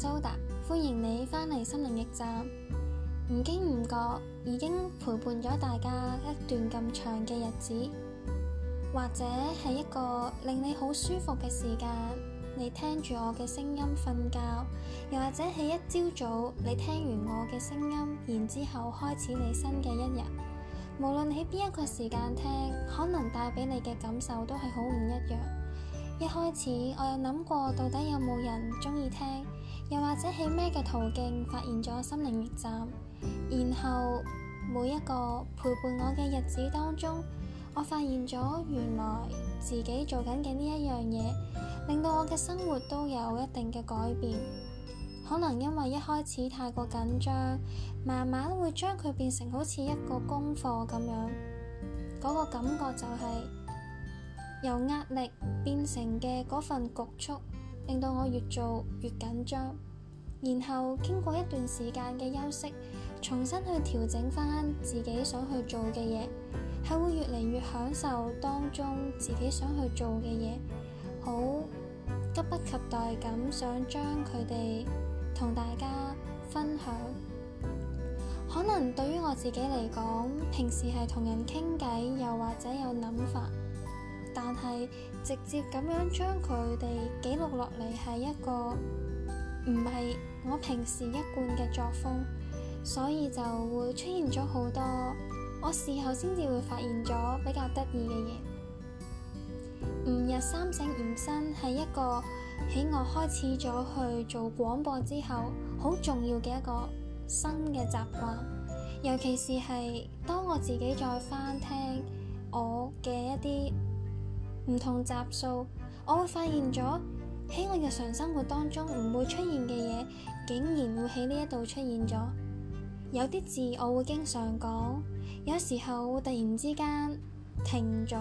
蘇達，歡迎你返嚟心靈驛站。唔經唔覺已經陪伴咗大家一段咁長嘅日子，或者係一個令你好舒服嘅時間，你聽住我嘅聲音瞓覺，又或者係一朝早你聽完我嘅聲音，然之後開始你新嘅一日。無論喺邊一個時間聽，可能帶俾你嘅感受都係好唔一樣。一開始我有諗過到底有冇人中意聽。又或者喺咩嘅途徑發現咗心靈驛站，然後每一個陪伴我嘅日子當中，我發現咗原來自己做緊嘅呢一樣嘢，令到我嘅生活都有一定嘅改變。可能因為一開始太過緊張，慢慢會將佢變成好似一個功課咁樣，嗰、那個感覺就係、是、由壓力變成嘅嗰份局促。令到我越做越緊張，然後經過一段時間嘅休息，重新去調整返自己想去做嘅嘢，係會越嚟越享受當中自己想去做嘅嘢，好急不及待咁想將佢哋同大家分享。可能對於我自己嚟講，平時係同人傾偈，又或者有諗法。但係直接咁樣將佢哋記錄落嚟係一個唔係我平時一貫嘅作風，所以就會出現咗好多我事後先至會發現咗比較得意嘅嘢。吾日三省吾身係一個喺我開始咗去做廣播之後好重要嘅一個新嘅習慣，尤其是係當我自己再翻聽我嘅一啲。唔同集數，我會發現咗喺我日常生活當中唔會出現嘅嘢，竟然會喺呢一度出現咗。有啲字我會經常講，有時候會突然之間停咗，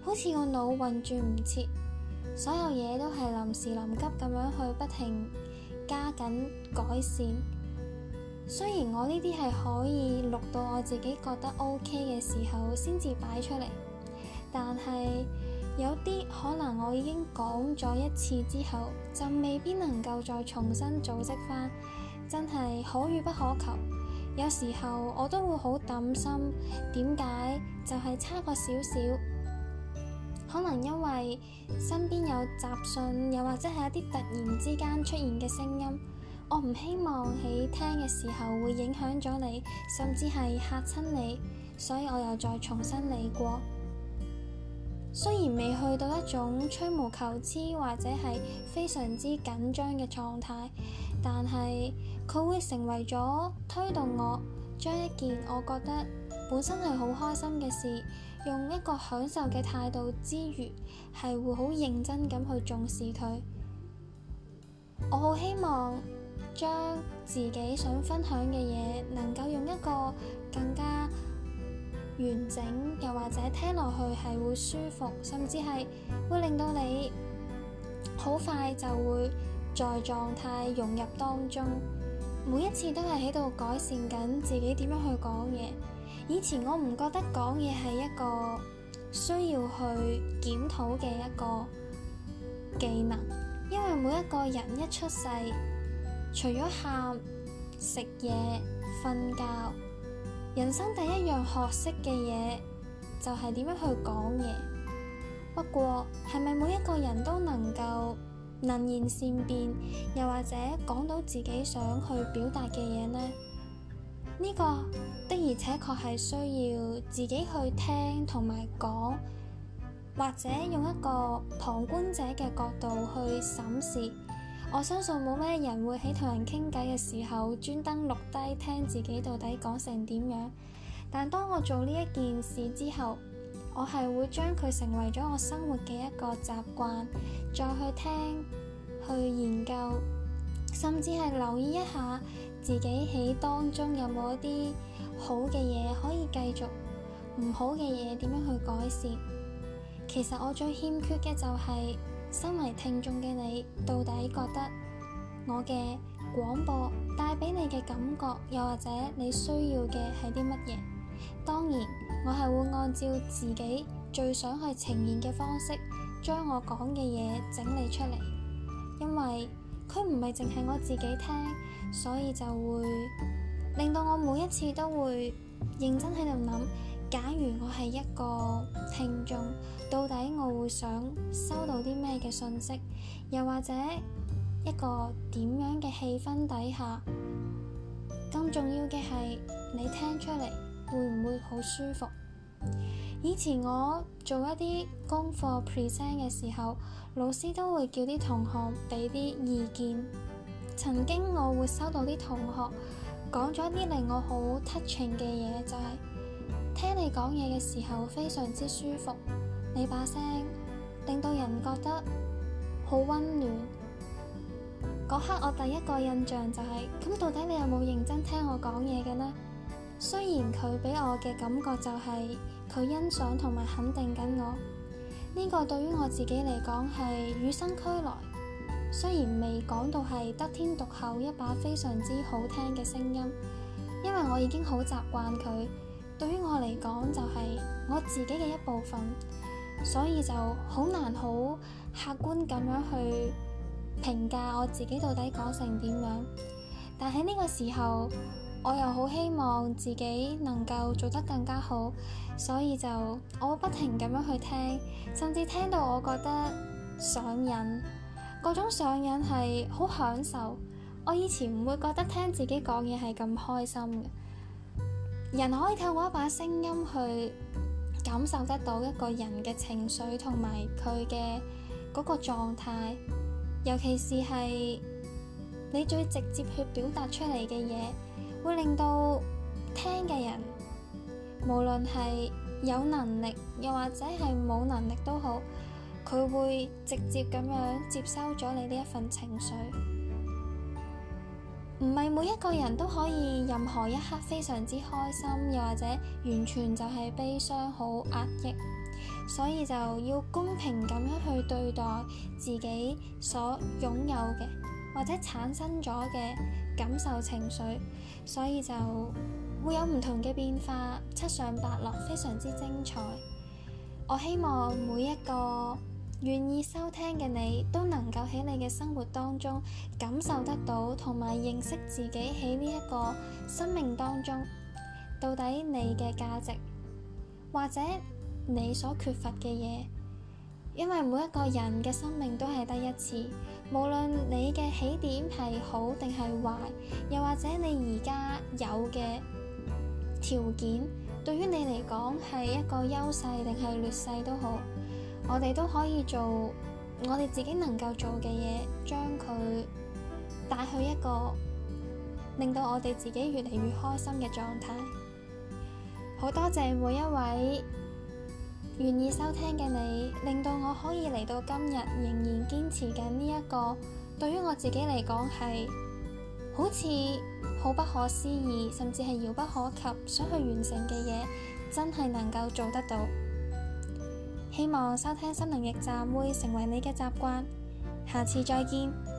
好似個腦運轉唔切，所有嘢都係臨時臨急咁樣去不停加緊改善。雖然我呢啲係可以錄到我自己覺得 OK 嘅時候先至擺出嚟。但係有啲可能，我已經講咗一次之後，就未必能夠再重新組織翻，真係可遇不可求。有時候我都會好擔心，就是、點解就係差個少少？可能因為身邊有雜訊，又或者係一啲突然之間出現嘅聲音，我唔希望喺聽嘅時候會影響咗你，甚至係吓親你，所以我又再重新理過。雖然未去到一種吹毛求疵，或者係非常之緊張嘅狀態，但係佢會成為咗推動我將一件我覺得本身係好開心嘅事，用一個享受嘅態度之餘，係會好認真咁去重視佢。我好希望將自己想分享嘅嘢，能夠用一個更加完整，又或者聽落去係會舒服，甚至係會令到你好快就會在狀態融入當中。每一次都係喺度改善緊自己點樣去講嘢。以前我唔覺得講嘢係一個需要去檢討嘅一個技能，因為每一個人一出世，除咗喊、食嘢、瞓覺。人生第一樣學識嘅嘢就係點樣去講嘢。不過係咪每一個人都能夠能言善辯，又或者講到自己想去表達嘅嘢呢？呢個的而且確係需要自己去聽同埋講，或者用一個旁觀者嘅角度去審視。我相信冇咩人會喺同人傾偈嘅時候專登錄低聽自己到底講成點樣，但當我做呢一件事之後，我係會將佢成為咗我生活嘅一個習慣，再去聽，去研究，甚至係留意一下自己喺當中有冇一啲好嘅嘢，可以繼續，唔好嘅嘢點樣去改善。其實我最欠缺嘅就係、是。身為聽眾嘅你，到底覺得我嘅廣播帶俾你嘅感覺，又或者你需要嘅係啲乜嘢？當然，我係會按照自己最想去呈現嘅方式，將我講嘅嘢整理出嚟，因為佢唔係淨係我自己聽，所以就會令到我每一次都會認真喺度諗。假如我係一個聽眾，到底我會想收到啲咩嘅信息？又或者一個點樣嘅氣氛底下？更重要嘅係你聽出嚟會唔會好舒服？以前我做一啲功課 present 嘅時候，老師都會叫啲同學俾啲意見。曾經我會收到啲同學講咗一啲令我好 touching 嘅嘢，就係、是。聽你講嘢嘅時候非常之舒服，你把聲令到人覺得好溫暖。嗰刻我第一個印象就係、是、咁，到底你有冇認真聽我講嘢嘅呢？雖然佢俾我嘅感覺就係佢欣賞同埋肯定緊我，呢、這個對於我自己嚟講係與生俱來。雖然未講到係得天獨厚一把非常之好聽嘅聲音，因為我已經好習慣佢。對於我嚟講，就係我自己嘅一部分，所以就好難好客觀咁樣去評價我自己到底講成點樣。但喺呢個時候，我又好希望自己能夠做得更加好，所以就我不停咁樣去聽，甚至聽到我覺得上癮，嗰種上癮係好享受。我以前唔會覺得聽自己講嘢係咁開心嘅。人可以透過一把聲音去感受得到一個人嘅情緒同埋佢嘅嗰個狀態，尤其係你最直接去表達出嚟嘅嘢，會令到聽嘅人，無論係有能力，又或者係冇能力都好，佢會直接咁樣接收咗你呢一份情緒。唔係每一個人都可以任何一刻非常之開心，又或者完全就係悲傷好壓抑，所以就要公平咁樣去對待自己所擁有嘅，或者產生咗嘅感受情緒，所以就會有唔同嘅變化，七上八落非常之精彩。我希望每一個。願意收聽嘅你都能夠喺你嘅生活當中感受得到，同埋認識自己喺呢一個生命當中到底你嘅價值，或者你所缺乏嘅嘢。因為每一個人嘅生命都係得一次，無論你嘅起點係好定係壞，又或者你而家有嘅條件對於你嚟講係一個優勢定係劣勢都好。我哋都可以做我哋自己能夠做嘅嘢，將佢帶去一個令到我哋自己越嚟越開心嘅狀態。好多謝每一位願意收聽嘅你，令到我可以嚟到今日仍然堅持緊呢一個對於我自己嚟講係好似好不可思議，甚至係遙不可及，想去完成嘅嘢，真係能夠做得到。希望收聽心靈驛站會成為你嘅習慣，下次再見。